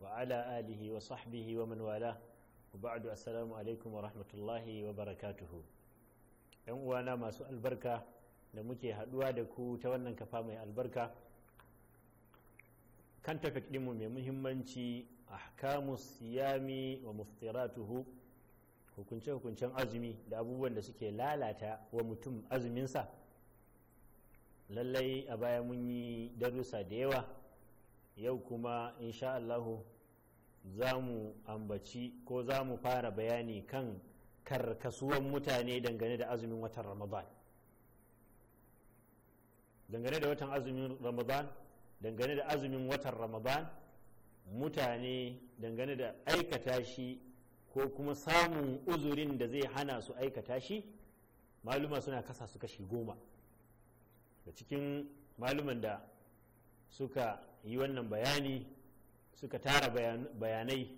وعلى آله وصحبه ومن والاه وبعد السلام عليكم ورحمة الله وبركاته ‘yan uwana masu albarka da muke haɗuwa da ku ta wannan kafa mai albarka kan tafik ɗinmu mai muhimmanci ahkamu siyami wa muftiratuhu hukunce-hukuncen azumi da abubuwan da suke lalata wa mutum azuminsa lallai a baya mun yi darussa da yawa yau kuma insha Allahu za mu ambaci ko za mu fara bayani kan karkasuwan mutane dangane da azumin watan ramadan dangane da watan azumin ramadan dangane da azumin watan ramadan mutane dangane da aikata shi ko kuma samun uzurin da zai hana su aikata shi maluma suna kasa su kashi goma da cikin maluman da suka yi wannan bayani suka tara bayanai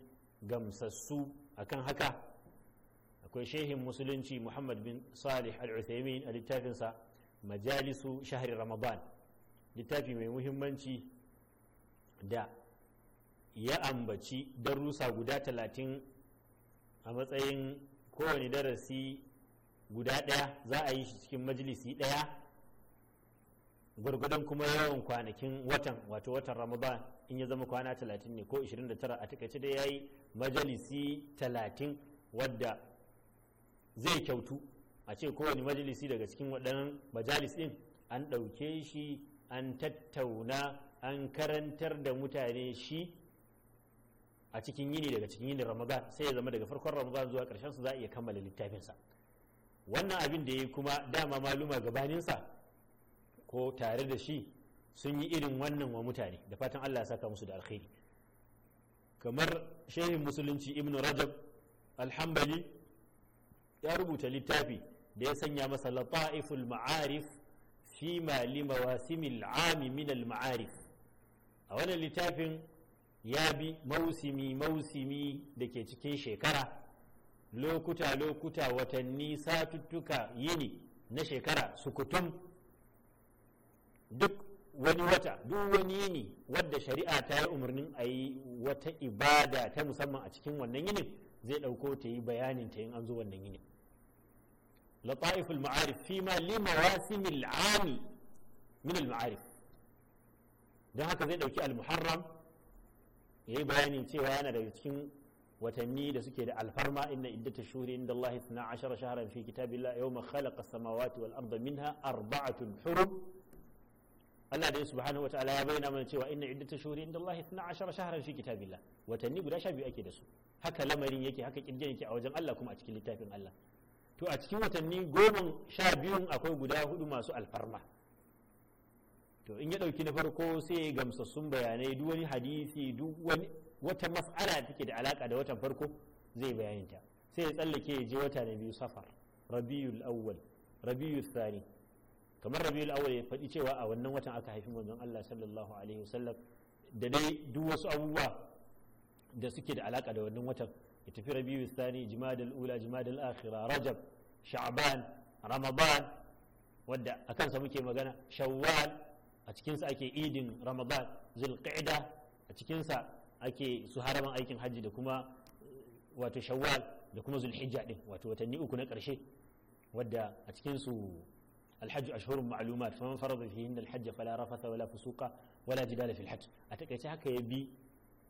gamsassu a kan haka akwai shehin musulunci muhammad bin salih al-uthaymin a littafinsa majalisu shahri ramadan littafi mai muhimmanci da ya ambaci darussa guda talatin a matsayin kowane darasi guda ɗaya za a yi shi cikin majalisi ɗaya gwargwadon kuma yawan kwanakin watan wato watan ramadan in ya zama kwana 30 ne ko 29 a takaice da ya yi majalisi 30 wadda zai kyautu a ce kowane majalisi daga cikin waɗannan majalis ɗin an ɗauke shi an tattauna an karantar da mutane shi a cikin yini daga cikin yini ramadan sai ya zama daga farkon ramadan zuwa ƙarshen su za a iya kammala littafinsa wannan abin da ya yi kuma dama maluma gabaninsa ko tare da shi sun yi irin wannan wa mutane da fatan Allah ya saka musu da alkhairi kamar shehin musulunci ibnu rajab alhambali ya rubuta littafi da ya sanya masa lata'iful ma'arif fi ma li mawasimil ami min al ma'arif a wannan littafin ya bi mausimi mausimi da ke cikin shekara lokuta lokuta watanni satuttuka yini na shekara sukutum duk wani wata duk wani yini wadda shari'a ta yi umarnin a yi wata ibada ta musamman a cikin wannan yinin zai ɗauko ta yi bayanin ta yin an zo wannan yinin ma المعارف فيما لمواسم العام من المعارف don haka zai ɗauki al-muharram ya yi bayanin cewa yana daga cikin watanni da suke da alfarma inna iddata shuri inda Allah 12 shahran fi kitabillah yawma khalaqa samawati wal arda minha arba'atun hurum Allah da subhanahu wataala ya bayyana mana cewa inna iddatu shuhuri inda Allah 12 shahran fi kitabillah watanni guda sha ake da su haka lamarin yake haka kirgin yake a wajen Allah kuma a cikin littafin Allah to a cikin watanni goma sha akwai guda hudu masu alfarma to in ya dauki na farko sai ya gamsa sun bayanai duk wani hadisi duk wani wata mas'ala take da alaka da watan farko zai ta sai ya tsallake ya je wata na biyu safar rabiul awwal rabiul thani kamar Rabi'u awwal ya faɗi cewa a wannan watan aka haifi manzon Allah sallallahu alaihi wasallam da dai duk wasu abubuwa da suke da alaka da wannan watan ya tafi rabiul thani jimadal ula jimadal akhira rajab sha'ban ramadan wanda akan sa muke magana shawwal a cikin sa ake idin ramadan zulqa'da a cikin sa ake su haraman aikin hajji da kuma wato shawwal da kuma zulhijja din wato watanni uku na ƙarshe wadda a cikin su الحج أشهر معلومات فمن فرض فيهن الحج فلا رفث ولا فسوق ولا جدال في الحج أتكيت هكا يبي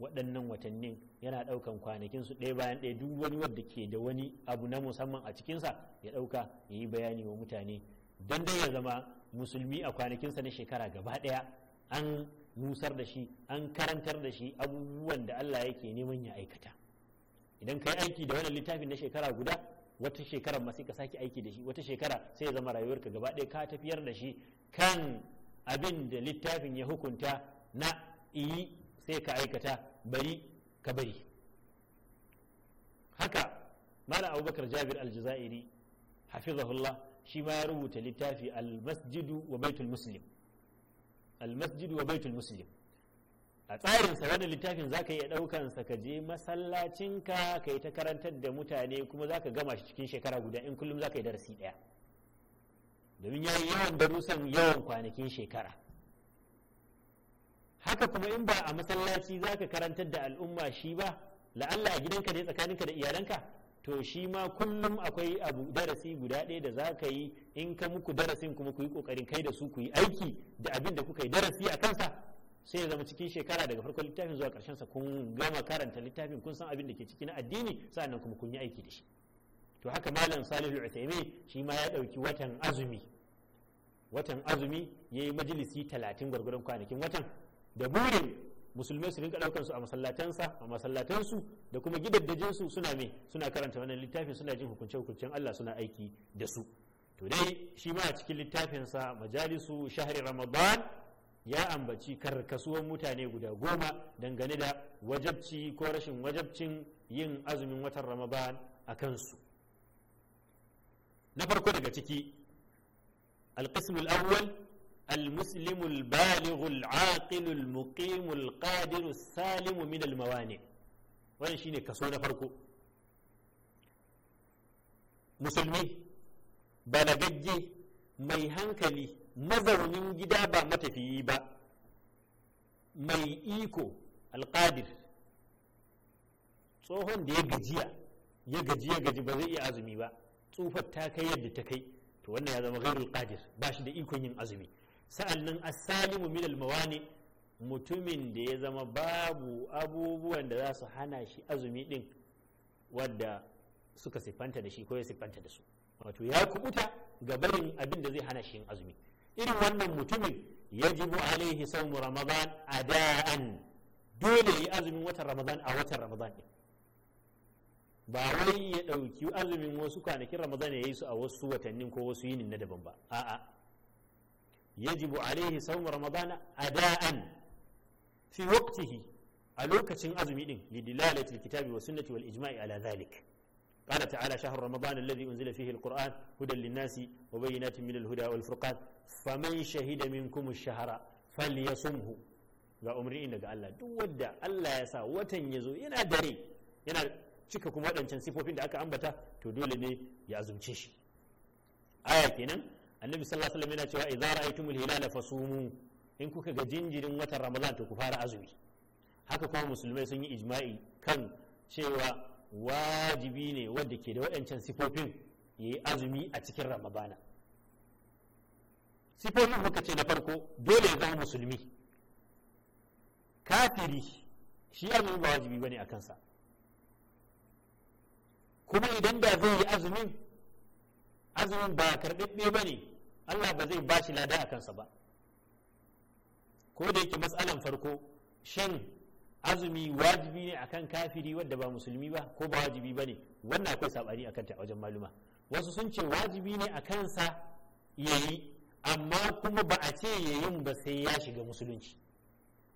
waɗannan watanni yana ɗaukan kwanakin su ɗaya bayan ɗaya duk wani wanda ke da wani abu na musamman a cikinsa ya ɗauka ya yi bayani wa mutane don dai ya zama musulmi a kwanakinsa na shekara gaba ɗaya an nusar da shi an karantar da shi abubuwan da Allah yake neman ya aikata idan kai aiki da wani littafin na shekara guda wata shekara ma sai ka sake aiki da shi wata shekara sai ya zama rayuwarka gaba ɗaya ka tafiyar da shi kan abin da littafin ya hukunta na iyi sai ka aikata bari ka bari haka mala abubakar jabir aljazairi hafizahullah shi ma ya rubuta littafi almasjidu wa baitul muslim almasjidu wa baitul muslim a tsarin sa wannan littafin zaka iya daukan sa ka je masallacin ka kai ta karantar da mutane kuma zaka gama shi cikin shekara guda in kullum zaka yi darasi daya domin yayi yawan darusan yawan kwanakin shekara haka kuma in ba a masallaci zaka karantar da al'umma shi ba la'alla a gidanka ne tsakaninka da iyalanka to shi ma kullum akwai abu darasi guda ɗaya da za ka yi in ka muku darasin kuma ku yi ƙoƙarin kai da su ku yi aiki da abin da kuka yi darasi a kansa sai ya zama cikin shekara daga farkon littafin zuwa karshen sa kun gama karanta littafin kun san abin da ke ciki na addini sannan kuma kun yi aiki da shi to haka malam salihu uthaymeen shi ma ya dauki watan azumi watan azumi yayi majalisi 30 gwargwadon kwanakin watan da burin musulmai su rinka daukan su a masallatansa a masallatansu da kuma gidaddajin su suna me suna karanta wannan littafin suna jin hukunce hukuncen Allah suna aiki da su to dai shi ma a cikin littafin sa majalisu shahri ramadan ya ambaci karkasuwan mutane guda goma dangane da wajabci ko rashin wajabcin yin azumin watan ramadan a kansu na farko daga ciki القسم الأول al البالغ العاقل المقيم القادر min من الموانع wannan shine kaso na farko musulmi balagagge mai hankali mazaunin gida ba matafiyi ba mai iko alƙadir tsohon da ya gajiya ya gaji ya gaji ba zai iya azumi ba tsufar ta kai yadda ta kai to wannan ya zama ghairul qadir ba shi da ikon yin azumi sa'annan as-salimu min al-mawani mutumin da ya zama babu abubuwan da za su hana shi azumi din wadda suka siffanta da shi ko ya siffanta da su wato ya kubuta ga barin abin da zai hana shi yin azumi irin wannan mutumin yajibu alaihi sawmu ramadan da'an dole yi azumin watan ramadan a watan ramadan ba wai ya ɗauki azumin wasu kwanakin ramadan ya yi su a wasu watannin ko wasu yinin na daban ba a'a yajibu alaihi sawmu ramadan da'an fi waktihi a lokacin azumi ɗin lidilalatul kitabi wa sunnati wal ijma'i ala zalik قال تعالى شهر رمضان الذي أنزل فيه القرآن هدى للناس وبينات من الهدى والفرقان فمن شهد منكم الشهر فليصمه ga umarni daga Allah duk wadda Allah ya sa watan ya zo yana dare yana cika kuma waɗancan sifofin da aka ambata to dole ne ya azumce shi aya kenan annabi sallallahu alaihi wasallam yana cewa idza ra'aytumul hilala fasumu in kuka ga jinjirin watan ramadan to ku fara azumi haka kuma musulmai sun yi ijma'i kan cewa wajibi ne wadda ke da waɗancan sifofin ya yi azumi a cikin Ramabana. sifofin muka ce na farko dole ya zama musulmi kafiri shi azumi ba wajibi ba ne a kansa kuma idan da zai yi azumin azumin ba karɓaɓɓe ba ne allah ba zai ba shi lada a kansa ba ko da yake matsalan farko shan. azumi wajibi ne akan kafiri wadda ba musulmi ba ko ba wajibi ba ne wannan akwai sabani akan ta wajen maluma wasu sun ce wajibi ne a kansa ya yi amma kuma ba a ce ya yi ba sai ya shiga musulunci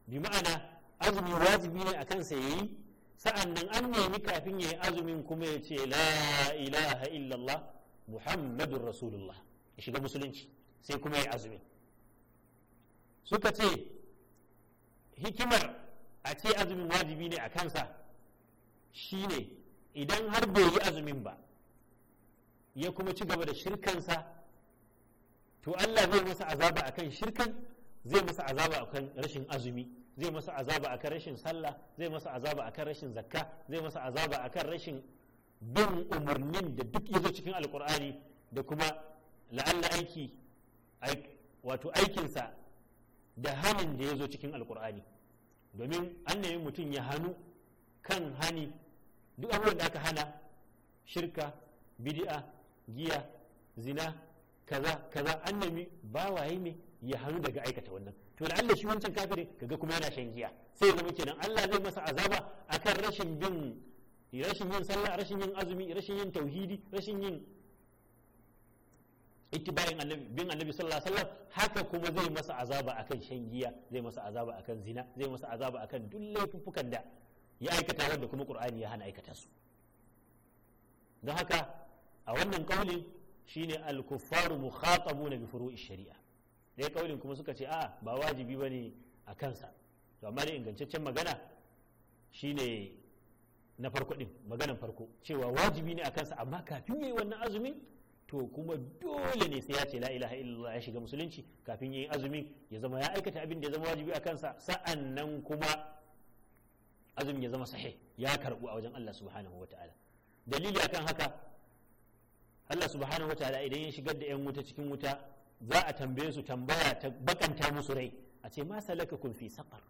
bi ma'ana azumi wajibi ne a kansa ya yi sa'an nan an nemi kafin ya yi azumin kuma ya ce la ilaha illallah muhammadun rasulullah ya shiga musulunci sai kuma ya yi azumin suka ce hikimar a ce azumin wajibi ne a kansa shine idan har bai yi azumin ba ya kuma ci gaba da shirkansa to Allah zai masa azaba akan shirkan zai masa azaba akan rashin azumi zai masa azaba akan rashin sallah zai masa azaba akan rashin zakka zai masa azaba akan rashin bin umarnin da duk yazo cikin alkur'ani da kuma la'alla aiki wato aikinsa da hannun da ya zo cikin alkur'ani domin an nemi mutum ya hannu kan hani duk abubuwan da aka hana shirka bidi'a giya zina kaza kaza an nemi waye ne ya hannu daga aikata wannan to da Allah shi wancan kafiri kaga kuma yana shan giya sai zama kenan Allah zai masa azaba akan rashin bin rashin yin sallah rashin yin azumi rashin yin tauhidi rashin yin ittibayin annabi bin annabi sallallahu alaihi wasallam haka kuma zai masa azaba akan shan giya zai masa azaba akan zina zai masa azaba akan duk laifuffukan da ya aikata wanda kuma qur'ani ya hana aikata su don haka a wannan kaulin shine al-kuffaru mukhatabuna bi furu'i shari'a dai kaulin kuma suka ce a ba wajibi bane a kansa to amma dai ingantaccen magana shine na farko din maganan farko cewa wajibi ne a kansa amma kafin yayi wannan azumin to kuma dole ne sai ya ce la ilaha illallah ya shiga musulunci kafin yin azumin ya zama ya aikata abin da ya zama wajibi a kansa sa'an nan kuma azumin ya zama sahih ya karɓu a wajen Allah subhanahu ta'ala dalili akan haka Allah subhanahu ta'ala idan ya shigar da yan wuta cikin wuta za a tambaye su tambaya ta bakanta musu rai a ce ma salaka kun fi saqar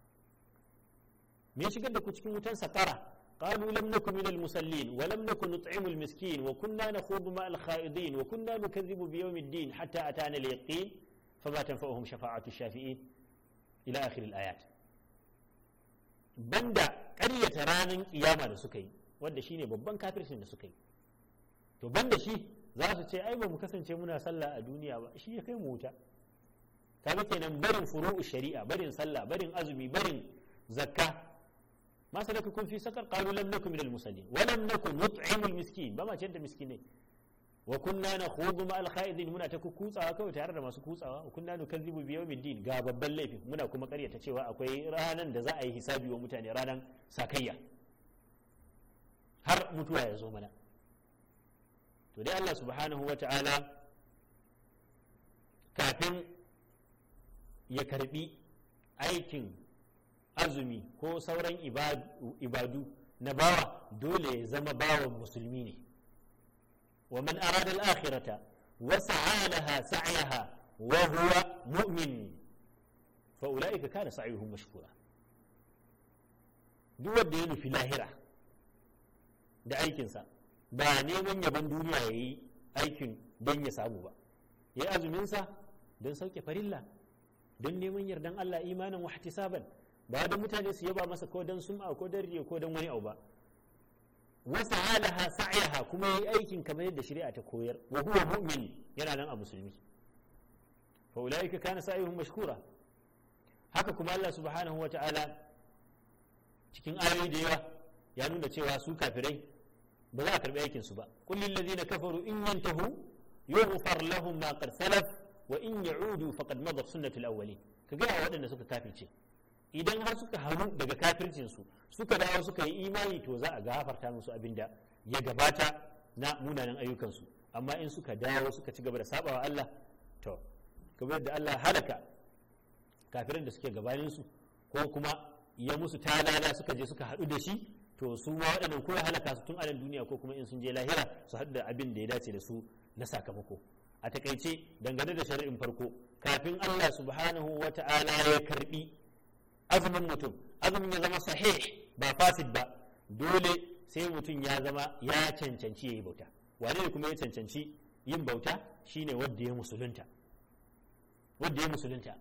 me shigar da ku cikin wutan saqara قالوا لم نكن من المسلين ولم نكن نطعم المسكين وكنا نخوض مع الخائضين وكنا نكذب بيوم الدين حتى أتانا اليقين فما تنفعهم شفاعة الشافعين إلى آخر الآيات banda ƙaryata ranar kiyama da suka yi wanda shine babban kafircin da suka yi to banda shi za su ce ai ba mu kasance muna sallah a duniya ba shi ya kai mu wuta kaga kenan barin furu'u shari'a barin sallah barin azumi barin zakka ما سلككم في سقر قالوا لم نكن من المصلين ولم da نطعم المسكين بما جند مسكينين وكنا نخوض مع الخائضين muna ta kutsawa kawai tare da masu kutsawa wa kunna nukazzibu bi yawmid din ga babban laifi muna kuma karyata cewa akwai ranan da za a yi hisabi wa mutane ranan sakayya har mutuwa ya zo mana to dai Allah subhanahu wa ta'ala kafin ya karɓi aikin azumi ko sauran ibadu na bawa dole ya zama bawan musulmi ne wa man arada al-akhirata wa sa'alaha sa'yaha wa huwa mu'min fa ulaika kana sa'yuhum mashkura duk wanda ya nufi lahira da aikinsa ba neman yaban duniya yayi aikin don ya samu ba yayi azumin azuminsa don sauke farilla don neman yardan Allah imanin wahtisaban ba da mutane su yaba masa ko dan sum'a ko dan riya ko dan wani abu ba wasa halaha sa'yaha kuma yayi aikin kamar yadda shari'a ta koyar wa huwa mu'min yana nan a musulmi fa ulaika kana sa'yuhum mashkura haka kuma Allah subhanahu wa ta'ala cikin ayoyi da yawa ya nuna cewa su kafirai ba za a karbi aikin su ba qul lil ladina kafaru in yantahu yughfar lahum ma qad salaf wa in ya'udu faqad madat sunnatul awwalin kaga waɗanda suka kafirce idan har suka hannu daga kafircinsu suka dawo suka yi imani to za a gafarta musu abin da ya gabata na munanan ayyukansu amma in suka dawo suka ci gaba da sabawa Allah to kamar da Allah halaka kafirin da suke gabaninsu ko kuma ya musu talala suka je suka hadu da shi to su ma waɗannan ko halaka su tun anan duniya ko kuma in sun je lahira su haɗu da abin da ya dace da su na sakamako a takaice dangane da shari'in farko kafin Allah subhanahu wa ta'ala ya karbi azumin mutum azumin ya zama sahih ba fasid ba dole sai mutum ya zama ya cancanci ya yi bauta wane ne kuma ya cancanci yin bauta shine wadda ya musulunta wanda ya musulunta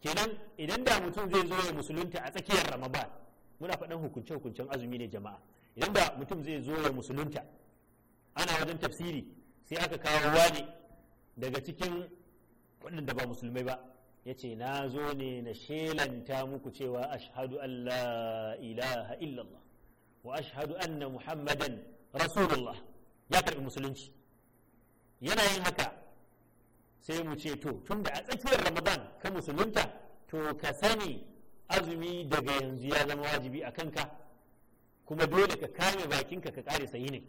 kenan idan da mutum zai zo ya musulunta a tsakiyar ramadan muna faɗan hukunce hukuncen azumi ne jama'a idan da mutum zai zo ya musulunta ana wajen tafsiri sai aka kawo wani daga cikin waɗanda ba musulmai ba ya ce na zo ne na shelanta muku cewa ashadu an la ilaha illallah wa ashadu anna muhammadan rasulullah ya karbi musulunci yana yin haka sai mu ce to tun da a tsakiyar ramadan ka musulunta to ka sani azumi daga yanzu ya zama wajibi a kanka kuma dole ka kame bakinka ka kare sayi ne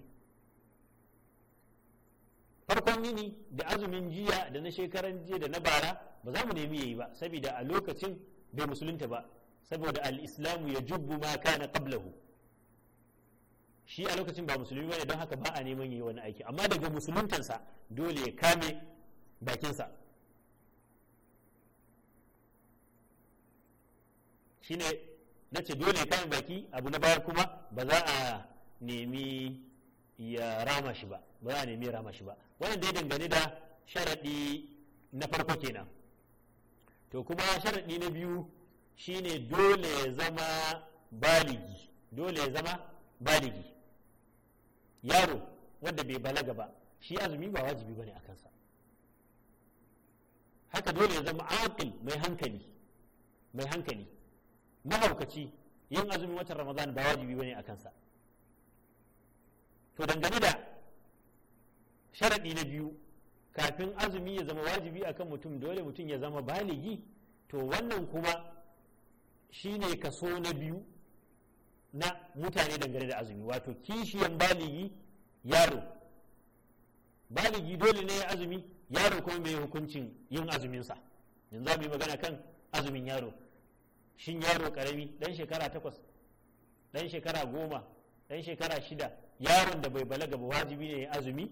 farkon yini da azumin jiya da na shekaran jiya da na bara ba za mu nemi ya yi ba saboda a lokacin bai musulunta ba saboda al-islamu ya jubbu ma kana qablahu shi a lokacin ba musulmi bane don haka ba a neman yi wani aiki amma daga musuluntansa dole ya kame bakinsa shine na ce dole ya kame baki abu na baya kuma ba za a nemi ya rama shi ba ba za a nemi ya rama shi ba wannan dai dangane da sharaɗi na farko kenan to kuma sharaɗi na biyu shine dole ya zama baligi dole ya zama baligi yaro wanda bai balaga ba shi azumi ba wajibi bane a kansa haka dole ya zama aqil mai hankali mai hankali mahaukaci yin azumin watan ramadan ba wajibi bane a kansa to dangane da sharaɗi na biyu kafin azumi ya zama wajibi akan mutum dole mutum ya zama baligi to wannan kuma shine kaso na biyu na mutane dangane da azumi wato kishiyan baligi yaro baligi dole ne ya azumi yaro kuma mai hukuncin yin azuminsa yanzu za mu yi magana kan azumin yaro shin yaro karami dan shekara takwas dan shekara goma dan shekara shida yaron da bai balaga ba wajibi ne ya azumi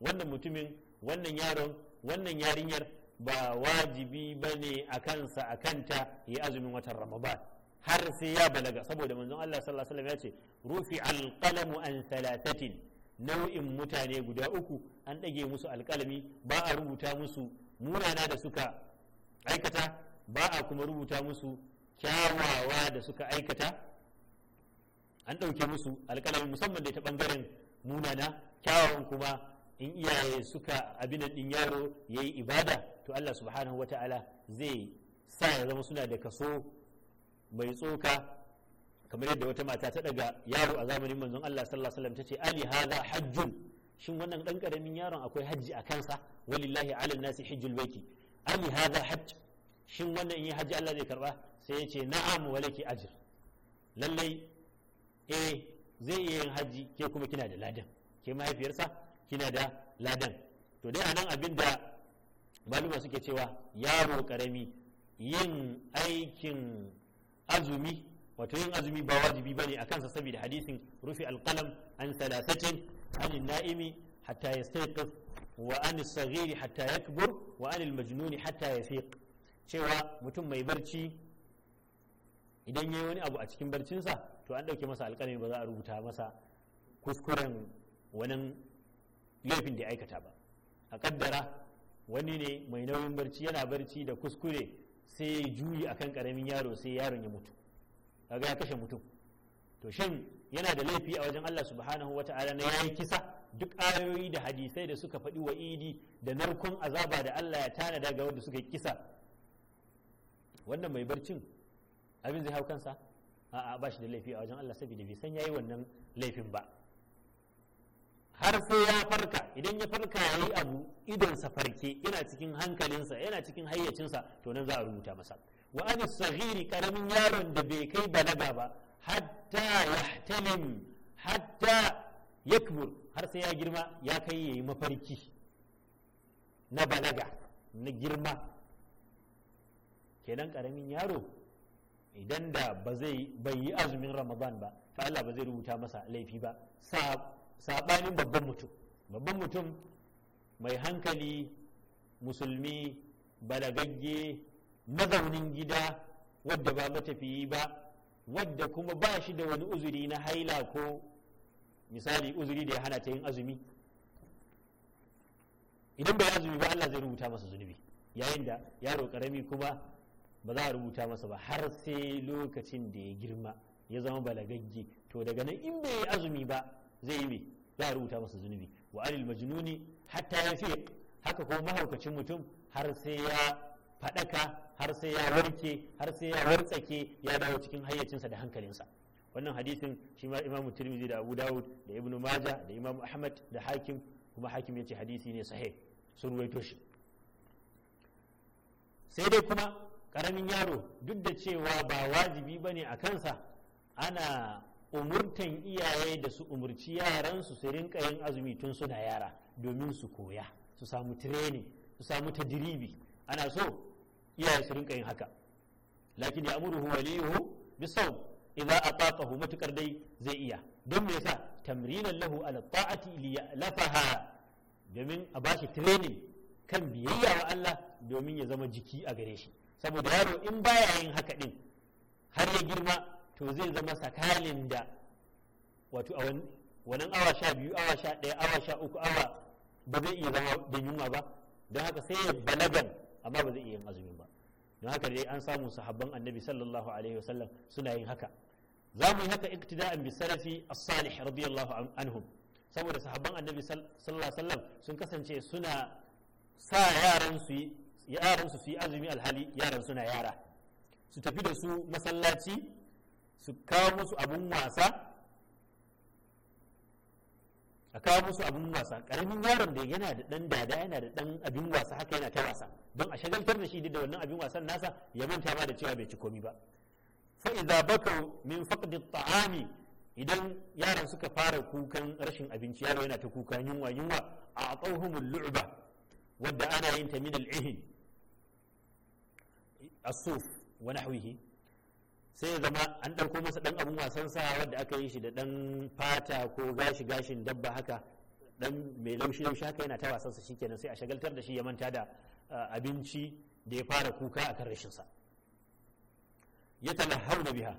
wannan mutumin wannan yaron wannan yarinyar ba wajibi ba ne a kansa a kanta ya azumin watan ramadan har sai ya balaga saboda manzon Allah sallallahu alaihi wasallam ya ce rufi alqalamu an thalathatin nau'in mutane guda uku an dage musu alkalami ba a rubuta musu munana da suka aikata ba a kuma rubuta musu kyawawa da suka aikata an ɗauke musu alkalamin musamman da ta ɓangaren munana kyawawan kuma in iyaye suka abinan din yaro ya yi ibada to Allah subhanahu wa ta'ala zai sa ya zama suna da kaso mai tsoka kamar yadda wata mata ta daga yaro a zamanin manzon Allah sallallahu alaihi wasallam tace ali hadha hajjun shin wannan dan karamin yaron akwai hajji a kansa walillahi ala nasi hajjul baiti ali hadha hajj shin wannan in yi hajji Allah zai karba sai ya ce na'am walaki ajr lallai eh zai iya yin hajji ke kuma kina da ladan ke mahaifiyarsa kina da ladan to dai anan abin da maluma suke cewa yaro karami yin aikin azumi wato yin azumi ba wajibi bane a kansa saboda hadisin rufi alqalam an salasatin an na'imi hatta yastayqif wa an saghiri hatta yakbur wa an majnuni hatta yafiq cewa mutum mai barci idan yayi wani abu a cikin barcinsa to an dauke masa alkalami ba za a rubuta masa kuskuren wani. laifin da aikata ba a kaddara wani ne mai nauyin barci yana barci da kuskure sai ya juyi akan karamin yaro sai yaron ya mutu kaga ya kashe mutum to shin yana da laifi a wajen Allah subhanahu wata'ala na yayi kisa duk ayoyi da hadisai da suka faɗi wa idi da narkon azaba da Allah ya tanada ga wanda suka yi kisa wannan mai barcin abin zai hau kansa a'a ba shi da laifi a wajen Allah saboda bai san yayi wannan laifin ba har sai ya farka idan ya farka ya yi abu sa farke yana cikin hankalinsa yana cikin hayyacinsa to nan za a rubuta masa wa an saghiri karamin yaron da bai kai balaga ba hatta yahtalim hatta yakbur har sai ya girma ya kai yayi mafarki na balaga na girma kenan karamin yaro idan da ba zai bai yi azumin ramadan ba fa Allah ba zai rubuta masa laifi ba sa saɓanin babban mutum babban mutum mai hankali musulmi balagagge mazaunin gida wadda ba matafiyi ba wadda kuma ba shi da wani uzuri na haila ko misali uzuri da ya hana ta yin azumi idan bai azumi ba Allah zai rubuta masa zunubi yayin da yaro karami kuma ba za a rubuta masa ba har sai lokacin da ya girma ya zama balagagge to daga nan in bai azumi ba zai yi ya rubuta masa zunubi wa alil majnuni hatta fi haka kuma mahaukacin mutum har sai ya fadaka har sai ya warke har sai ya wartsake ya dawo cikin hayyacinsa da hankalinsa wannan hadisin shi ma imamu tirmidhi da abu dawud da ibnu maja da imamu ahmad da hakim kuma hakim yace hadisi ne sahih sun ruwaito shi sai dai kuma karamin yaro duk da cewa ba wajibi bane a kansa ana umurtan iyaye da su umurci yaransu su rinka yin azumi tun suna yara domin su koya su samu tireni su samu tadiribi ana so iyaye su rinka yin haka lakin ya amuru waliyuhu bisawm idza ataqahu matukar dai zai iya don me yasa tamrinan lahu ala ta'ati li ya'lafaha domin a bashi training kan biyayya wa Allah domin ya zama jiki a gare shi saboda yaro in baya yin haka din har ya girma to zai zama sakalin da wato a wannan awa sha biyu awa sha ɗaya awa sha uku awa ba zai iya zama da yunwa ba don haka sai ya balagan amma ba zai iya yin azumi ba don haka dai an samu sahabban annabi sallallahu alaihi wasallam suna yin haka za mu yi haka iktida'an bi sarafi as-salih radiyallahu anhum saboda sahabban annabi sallallahu alaihi wasallam sun kasance suna sa yaran su yaran su su yi azumi alhali yaran suna yara su tafi da su masallaci su kawo musu abun wasa a kawo musu abun wasa karamin yaron da yana da dan dada yana da dan abin wasa haka yana ta wasa don a shagaltar da shi da wannan abin wasan nasa ya manta ba da cewa bai ci komi ba fa idza bakau min faqdi ta'ami idan yaron suka fara kukan rashin abinci yaro yana ta kuka yunwa yunwa a tsauhumul lu'ba wadda ana yin ta min al-ihin as-suf wa nahwihi sai ya zama an ɗauko masa ɗan abun wasan sa wanda aka yi shi da ɗan fata ko gashi gashin dabba haka ɗan mai laushi laushi haka yana ta wasan sa shikenan sai a shagaltar da shi ya manta da abinci da ya fara kuka akan rashin sa ya na biha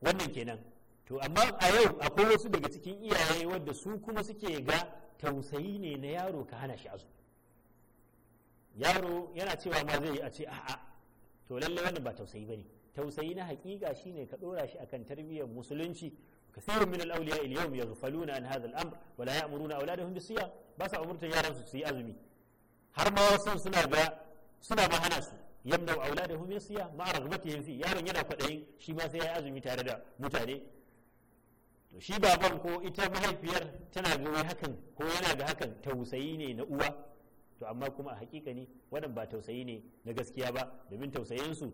wannan kenan to amma a yau akwai wasu daga cikin iyaye wadda su kuma suke ga tausayi ne na yaro ka hana shi azu yaro yana cewa ma zai yi a ce a'a to lallai wannan ba tausayi ba ne. tausayi na hakika shine ka dora shi akan tarbiyyar musulunci kasirun min al-awliya al-yawm yaghfaluna an hadha al-amr wa la ya'muruna awladahum bisiyam ba sa umurta yaran su su yi azumi har ma wasu suna ga suna ba hana su yamna awladahum bisiyam ma ragbatihim fi yaron yana kwadayin shi ma sai ya azumi tare da mutane to shi baban ko ita mahaifiyar tana ga hakan ko yana ga hakan tausayi ne na uwa to amma kuma a hakika ne wannan ba tausayi ne na gaskiya ba domin tausayin su.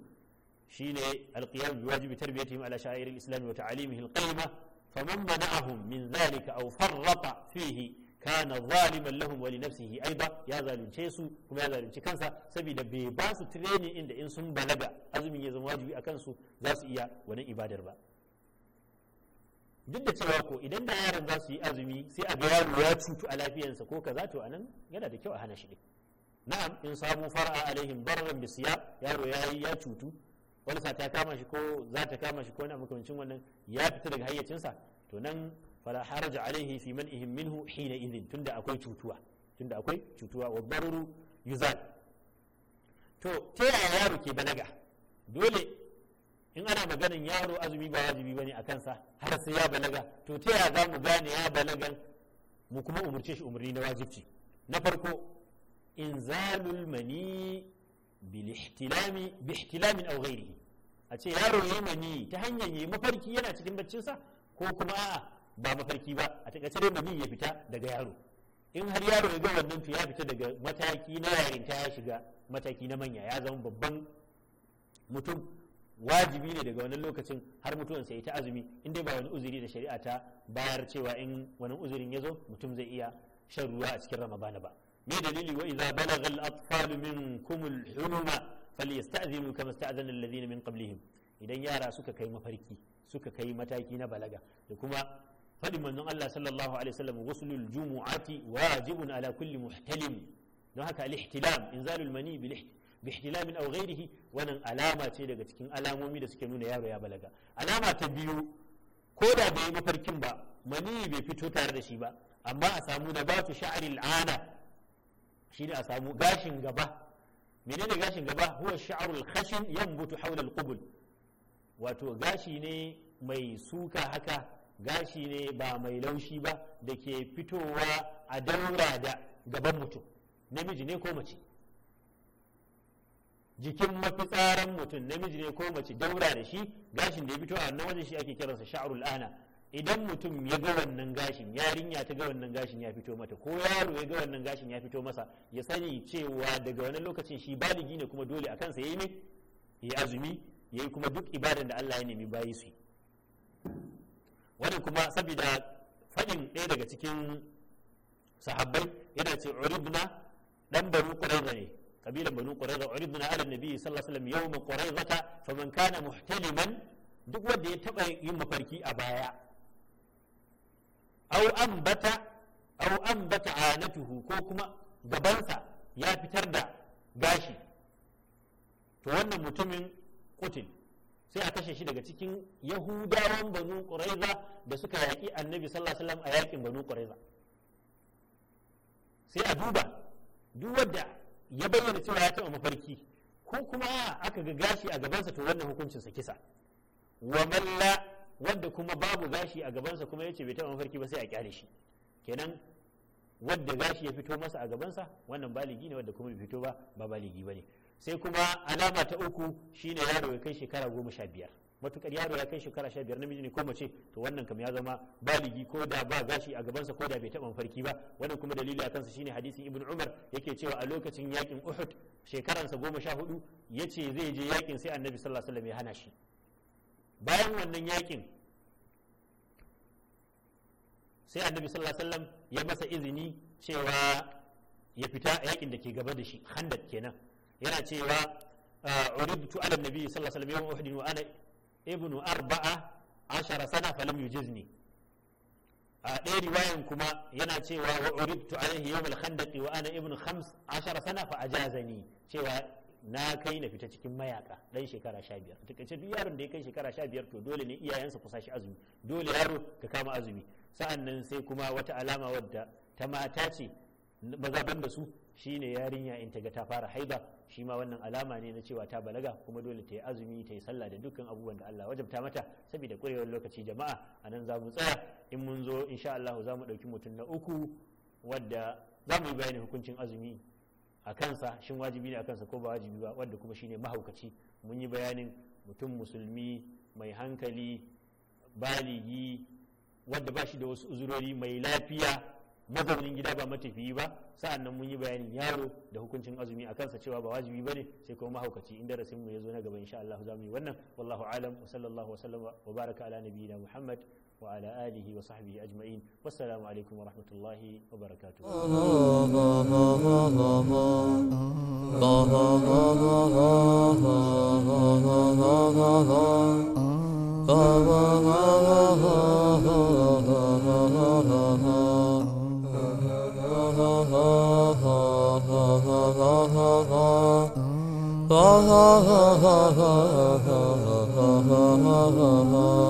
shine alqiyam bi wajibi tarbiyatihim ala sha'air al wata wa ta'alimihi al-qayyima faman mana'ahum min dhalika aw farraqa fihi kana zaliman lahum wa li nafsihi aiba ya zalunce su kuma ya zalunci kansa saboda bai ba su training inda in sun balaga azumin ya zama wajibi a kansu za su iya wani ibadar ba duk da cewa ko idan da yaran za su yi azumi sai a ga yaro ya cutu a lafiyarsa ko kaza a nan yana da kyau a hana shi na'am in samu far'a alaihim barran bisiya yaro ya ya cutu walsa ta kama shi ko za ta kama shi ko na makamancin wannan ya fita daga hayyacinsa to nan fala haraja alaihi fi man'ihim minhu hina idin tunda akwai cutuwa tunda akwai cutuwa wa daruru yuzal to ta yaya yaro ke balaga dole in ana maganin yaro azumi ba wajibi ba ne a kansa har sai ya balaga to ta yaya za mu gane ya balaga mu kuma umurce shi umurni na wajibci na farko inzalul mani bilihtilami bihtilamin aw ghairihi a ce yaron yayi mani ta hanyar yi mafarki yana cikin baccin sa ko kuma a'a ba mafarki ba a takaice dai mani ya fita daga yaro in har yaro ya ga wannan ya fita daga mataki na ta ya shiga mataki na manya ya zama babban mutum wajibi ne daga wannan lokacin har mutuwan sai ta azumi in dai ba wani uzuri da shari'a ta bayar cewa in wani uzurin ya zo mutum zai iya shan ruwa a cikin ramadana ba me dalili wa idza balagha al-atfal minkum al-huluma falyasta'dhinu kama sta'dhana alladhina min qablihim idan yara suka kai mafarki suka kai mataki na balaga da kuma faɗin manzon Allah sallallahu alaihi wasallam ghuslul jumu'ati wajibun ala kulli muhtalim don haka al-ihtilam inzalul mani bil bihtilamin aw ghairihi wannan alama ce daga cikin alamomi da suke nuna yaro ya balaga alama ta biyu ko da bai mafarkin ba mani bai fito tare da shi ba amma a samu nabatu batu sha'aril shine a samu gashin gaba menene gashin gaba huwa sha'arul khashin yanbutu hawla al-qubul wato gashi ne mai suka haka gashi ne ba mai laushi ba da ke fitowa a daura da gaban mutum namiji ne ko mace jikin mafitsaran mutum namiji ne ko mace daura da shi gashin da ya fito a wannan wajen shi ake kiransa sha'arul ana idan mutum ya ga wannan gashin yarinya ta ga wannan gashin ya fito mata ko yaro ya ga wannan gashin ya fito masa ya sani cewa daga wannan lokacin shi baligi ne kuma dole a kansa yayi ne ya azumi yayi kuma duk ibadan da Allah ya nemi bayi su wannan kuma saboda fadin ɗaya daga cikin sahabbai yana ce uribna dan banu qurayza ne kabilan banu qurayza uribna ala nabi sallallahu alaihi wasallam yawm qurayza faman kana muhtaliman duk wanda ya taba yin mafarki a baya au bata au ambata tuhu ko kuma gabansa ya fitar da gashi to wannan mutumin kutin sai a kashe shi daga cikin yahudawan banu quraiza da suka yaƙi annabi sallallahu alaihi wasallam a yaƙin banu quraiza sai a duba duk wanda ya bayyana cewa ya taɓa mafarki ko kuma aka ga gashi a gabansa to wannan hukuncinsa kisa wa man Wadda kuma babu gashi a gabansa kuma yace bai taɓa mafarki ba sai a kyale shi kenan wadda gashi ya fito masa a gabansa wannan baligi ne wadda kuma bai fito ba ba baligi ne sai kuma alama ta uku shine yaro ya kai shekara goma sha biyar matukar yaro ya kai shekara sha biyar namiji ne ko mace to wannan kam ya zama baligi ko da ba gashi a gabansa ko da bai taɓa mafarki ba wannan kuma dalili a kansa shine hadisin ibn umar yake cewa a lokacin yakin uhud shekaransa goma sha hudu ya ce zai je yakin sai annabi sallallahu alaihi wasallam ya hana shi bayan wannan yakin sai annabi sallallahu alaihi wasallam ya masa izini cewa ya fita yakin da ke gaba da shi handak kenan yana cewa ah, uridtu ala nabi sallallahu alaihi wasallam uhud wa ana ibnu arba'a ashara sana falam yujizni a ɗaya riwayan kuma yana cewa wa uridtu alaihi yawm al-khandaq wa ana ibnu khams ashara sana fa ajazani cewa na kai na fita cikin mayaka dan shekara sha biyar takaice duk yaron da ya kai shekara sha biyar to dole ne iyayensa kusa shi azumi dole yaro ka kama azumi sa'an nan sai kuma wata alama wadda ta mata ce mazaban da su shi ne yarinya in ta ga ta fara haiba shi ma wannan alama ne na cewa ta balaga kuma dole ta yi azumi ta yi sallah da dukkan abubuwan da Allah wajabta mata saboda kurewar lokaci jama'a a nan za mu tsaya in mun zo insha Allah za mu ɗauki mutum na uku wadda za mu yi bayanin hukuncin azumi a kansa shin wajibi ne a kansa ko ba wajibi ba wadda kuma shine mahaukaci mun yi bayanin mutum musulmi mai hankali baligi wadda ba shi da wasu uzurori mai lafiya mazaunin gida ba matafiyi ba sa'an nan mun yi bayanin yaro da hukuncin azumi a kansa cewa ba wajibi ba ne sai kuma mahaukaci inda rasin mu ya zo na gaba insha Allah za mu yi wannan wallahu alam wa sallallahu wa sallam wa baraka ala nabiyina muhammad وعلى آله وصحبه أجمعين والسلام عليكم ورحمة الله وبركاته Oh,